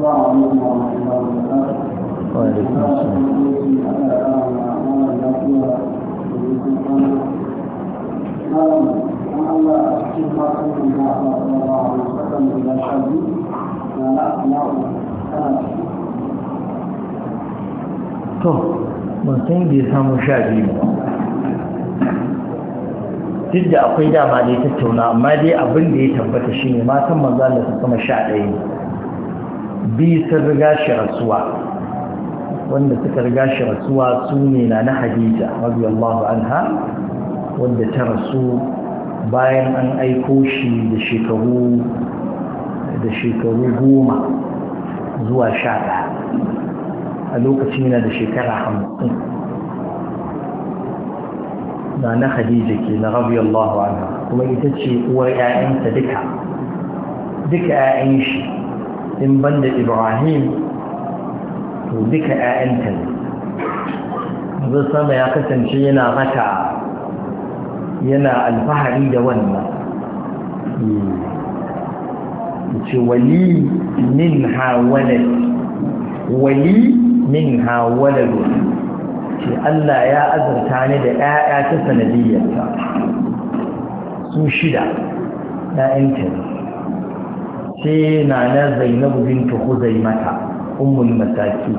to ban san bai samu sha biyu ba duk da akwai dama da ya tattauna amma dai abin da ya tabbata shi ne matan maza da su kuma sha ɗaya ne biyu sun riga shi rasuwa wanda suka riga shi rasuwa su ne na na hadija radiyallahu anha wanda ta rasu bayan an aiko shi da shekaru da shekaru goma zuwa sha ɗaya a lokacin yana da shekara hamsin na na hadija ke na radiyallahu anha kuma ita ce uwar yayanta duka duka 'ya'yan shi in banda ibrahim to duka 'ya'yanta ne zai sama ya kasance yana mata yana alfahari da wannan hmm. ce wali min hawalar wali min hawalar ce Allah ya azarta ni da 'ya'ya ta sanadiyyarta su shida 'ya'yanta ne sai na na zainabu bintu mata, ummul mataki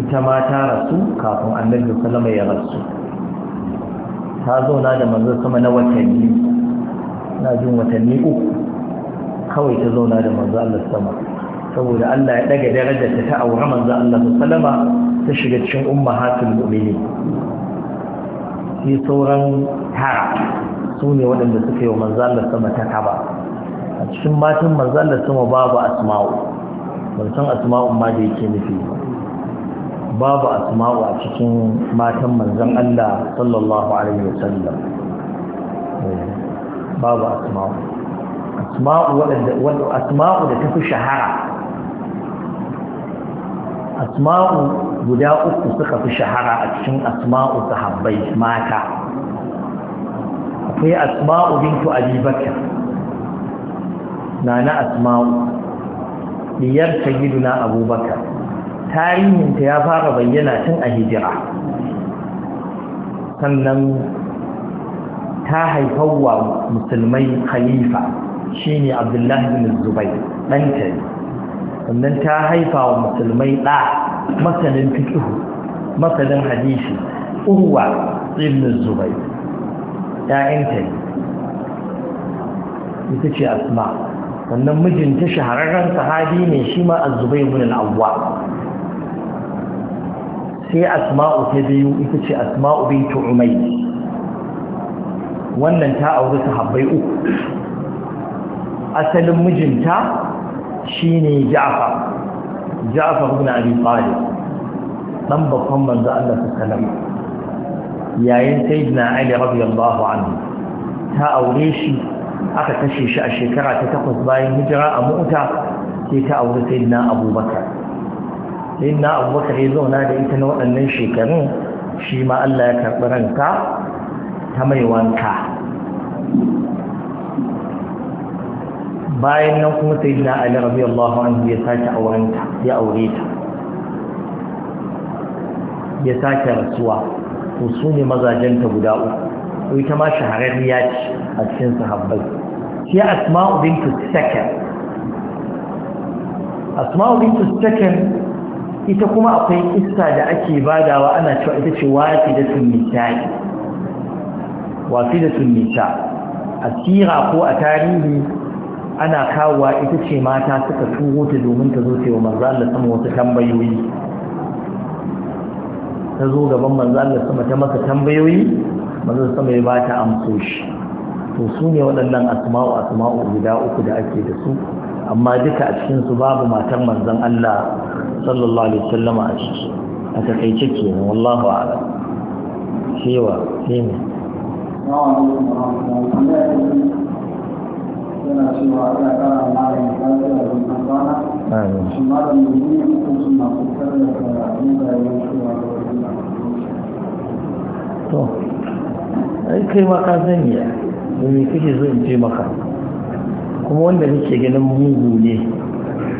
ita ma ta rasu kafin annabi sallama ya rasu ta zauna da manzo sama na watanni na jin watanni uku kawai ta zauna da manzo Allah sama saboda Allah ya daga darajarta ta aure manzo Allah sallama ta shiga cikin ummahatul mu'minin sai sauran tara su ne waɗanda suka yi wa manzo Allah sama ta kaba a cikin matan manzala sama babu asma'u ban san asma'u ma da yake nufi babu asma'u a cikin matan manzan Allah sallallahu alaihi wasallam eh, babu asma'u asma'u wadda asma'u da tafi shahara asma'u guda uku suka fi shahara a cikin asma'u sahabbai mata akwai asma'u bintu abubakar nana asma'u diyar sayyiduna abubakar tarihinta ya fara bayyana tun a hijira sannan ta haifarwa musulmai khalifa shine abdullahi bin zubai ɗanta ne sannan ta haifawa musulmai ɗa masanin fikihu masanin hadishi, urwa ibn zubai ‘ya'yanta ne ita ce asma sannan mijinta shahararren sahabi ne shi ma azubai ibn awwa sai asma'u ta biyu ita ce asma'u bintu umay wannan ta auri sahabbai uku asalin mijinta shine Ja'far Ja'far ibn Abi Talib dan babban manzo Allah sallallahu alaihi wasallam yayin sayyidina Ali radiyallahu anhu ta aure shi aka kashe shi a shekara ta takwas bayan hijira a mota sai ta auri sai na abubakar sai na abubakar ya zauna da ita na waɗannan shekarun shi ma allah ya karɓi ranka ta mai wanka bayan nan kuma sai na ali rabi allahu anhu ya sake aurenta ya aure ta ya sake rasuwa su ne mazajenta guda uku ita ma shahararriya ce a cikin sahabbai sai asma'u bintu sakan asma'u bintu sakan ita kuma akwai kissa da ake badawa ana cewa ita ce wafidatun nisa'i wafidatun nisa a tsira ko a tarihi ana kawowa ita ce mata suka tuho ta domin ta zo ta yi manzo Allah sama wasu tambayoyi ta zo gaban manzo Allah sama ta masa tambayoyi manzon sama ya bata amsoshi to su ne waɗannan asma'u asma'u guda uku da ake da su amma duka a cikin su babu matan manzon Allah sallallahu alaihi wasallam a ciki a takaice kenan wallahu a'lam cewa sai ne yana da da da da to ai kai ma ka sani ya kake zo in maka kuma wanda nake ganin mugu ne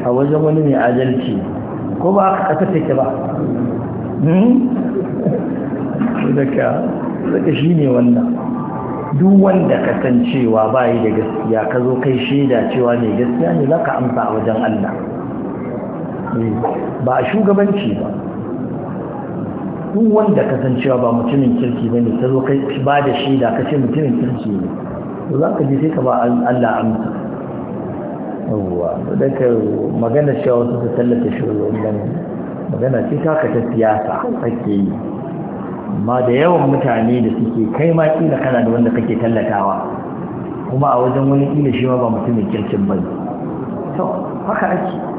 a wajen wani mai adalci ko ba aka kasa take ba hmm? daga daga shi ne wannan duk wanda ka san cewa ba yi da gaskiya ka zo kai shaida cewa mai gaskiya ne za ka amsa a wajen Allah hmm. ba a shugabanci ba duk wanda ka san cewa ba mutumin kirki ba ne ta zo ba da shaida ka ce mutumin kirki ne to za ka je sai ka ba Allah amsa yawwa da ka magana cewa wasu ta tallata shi wannan magana ce ta ka ta siyasa kake yi amma da yawan mutane da suke kai ma kila kana da wanda kake tallatawa kuma a wajen wani kila shi ma ba mutumin kirkin ba ne to haka ake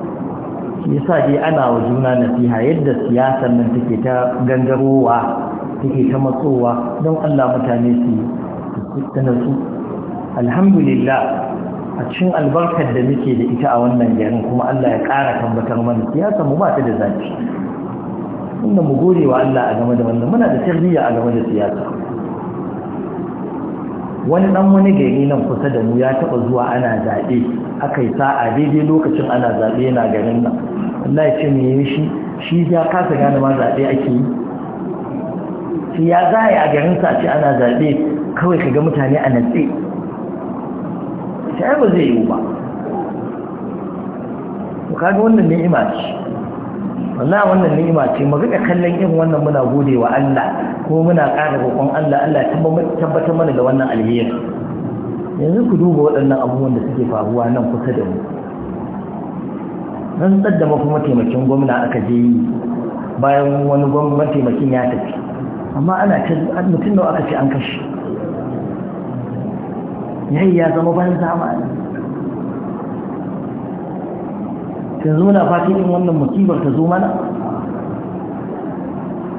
yasa dai ana wa juna nasiha yadda siyasar nan take ta gangarowa take ta matsowa don Allah mutane su ta su alhamdulillah a cikin albarkar da muke da ita a wannan garin kuma Allah ya ƙara tambatar mana siyasa mu ba ta da zafi inda mu gode wa Allah a game da wannan muna da tarbiyya a game da siyasa wani dan wani gari nan kusa da mu ya taba zuwa ana zaɓe aka yi sa'a daidai lokacin ana zaɓe yana garin nan Allah ya ce me yi shi shi ya kasa gane ma zaɓe ake yi shi ya za a yi garin sa ce ana zaɓe kawai ka ga mutane a natse shi ba zai yi ba ku kaga wannan ni'ima ce wallahi wannan ni'ima ce mu riƙa kallon irin wannan muna gode wa Allah ko muna ƙara roƙon Allah Allah ya tabbatar mana da wannan alheri yanzu ku duba waɗannan abubuwan da suke faruwa nan kusa da mu rantsar da mafi mataimakin gwamna aka je yi bayan wani gwamna mataimakin ya tafi amma ana mutum da aka ce an kashe yayi ya zama bayan zamani yanzu muna fatan in wannan musibar ta zo mana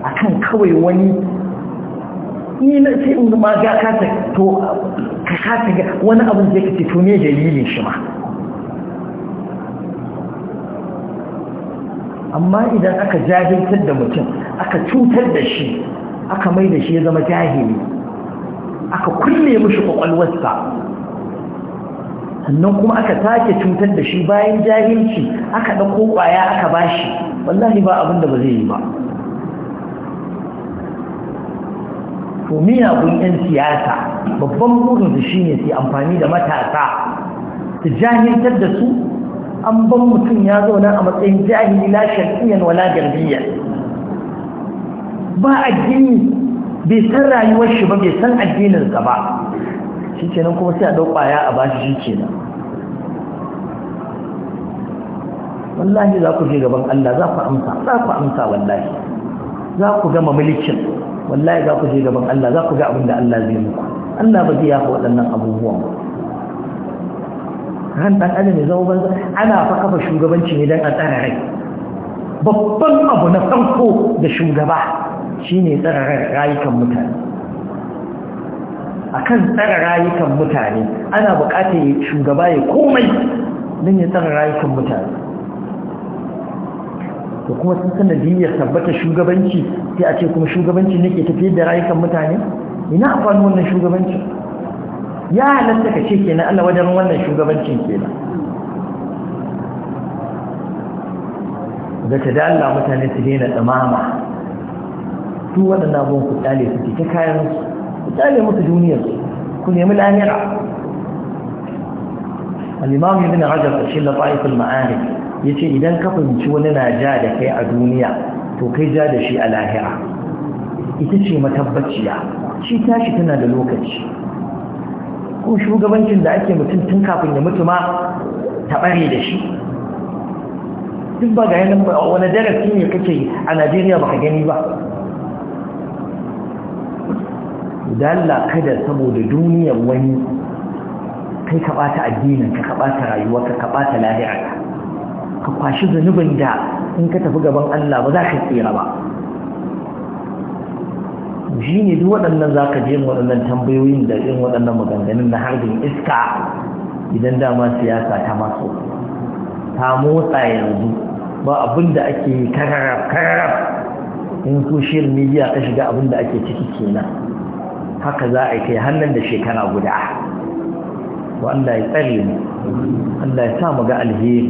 a kan kawai wani ni na ce in ma ga kasa to ka wani abin zai ya kace to me dalilin shi ma amma idan aka jahiltar da mutum aka cutar da shi aka mai da shi ya zama jahili aka kulle mishi kwakwalwarsa sannan kuma aka take cutar da shi bayan jahilci aka ɗauko ƙwaya aka bashi wallahi ba abin da ba zai yi ba to miyagun 'yan siyasa babban burinsu shine su amfani da matasa su jahiltar da su an ban mutum ya zauna a matsayin jahili la shar'iyyan wala garbiya. ba addini bai san rayuwar shi ba bai san addininsa ba shi kuma sai a dau kwaya a bashi shi kenan wallahi za ku je gaban Allah za ku amsa za ku amsa wallahi za ku gama mulkin wallahi za ku je gaban Allah za ku ga abin da Allah zai muku Allah ba zai yafa waɗannan abubuwan ba ran ɗan adam ya zama banza ana fa kafa shugabanci ne don a tsara rai babban abu na farko da shugaba shine tsara rayukan mutane akan tsara rayukan mutane ana buƙatar shugaba ya komai don ya tsara rayukan mutane da kuma sun sanadiyyar tabbata shugabanci sai a ce kuma shugabanci ne ke tafiyar da rayukan mutane ina amfani wannan shugabanci ya halatta ka ce na Allah wajen wannan shugabancin kenan zaka da Allah mutane su daina tsamama Su waɗannan abubuwan ku tsale su ta kayan su ku tsale musu duniyar ku nemi lahira al-imam ibn rajab a cikin lafa'if al-ma'arif yace idan ka fahimci wani na ja da kai a duniya to kai ja da shi a lahira ita ce matabbaciya shi tashi tana da lokaci ko shugabancin da ake mutum tun kafin ya mutu ma taɓare da shi duk ba ga yanin wani darasi ne kake a najeriya baka gani ba dalla kada saboda duniyar wani kai ka ɓata addinin ka ɓata rayuwa ka ka ɓata lahira ka kwashi zunubin da in ka tafi gaban allah ba za ka tsira ba shi ne duk waɗannan za ka je waɗannan tambayoyin da irin waɗannan maganganun na harbin iska idan dama siyasa ta maso ta motsa yanzu ba abin da ake yi kararraf in social media ta shiga abin da ake ciki kenan haka za a kai hannun da shekara guda Allah ya tsare mu Allah ya sa mu ga alheri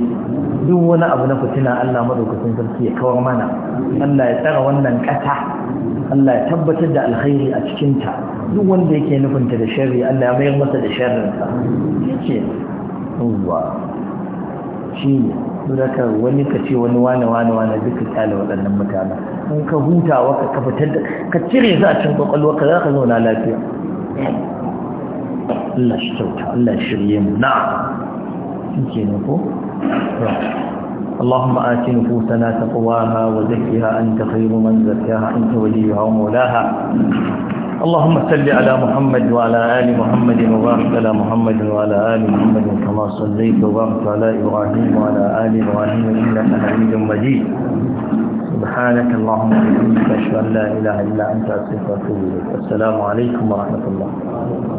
duk wani abu na fitina Allah madaukakin sarki ya kawar mana Allah ya tsara wannan ƙasa Allah ya tabbatar da alkhairi a cikinta duk wanda yake nufinta da sharri Allah ya mayar masa da sharrinsa yake ruwa shi ne dudaka wani ka ce wani wane wane wane duka kyale waɗannan mutanen in ka hutawa ka kafatar da ka cire za a cin kwakwalwa ka za ka zauna lafiya Allah shi kyauta Allah shirye mu na shi ke ne ko? اللهم آت نفوسنا تقواها وزكها أنت خير من زكاها أنت وليها ومولاها اللهم صل على محمد وعلى آل محمد وبارك على محمد وعلى آل محمد كما صليت وبارك على إبراهيم وعلى آل إبراهيم إنك حميد مجيد سبحانك اللهم وبحمدك أشهد أن لا إله إلا أنت أستغفرك وأتوب إليك السلام عليكم ورحمة الله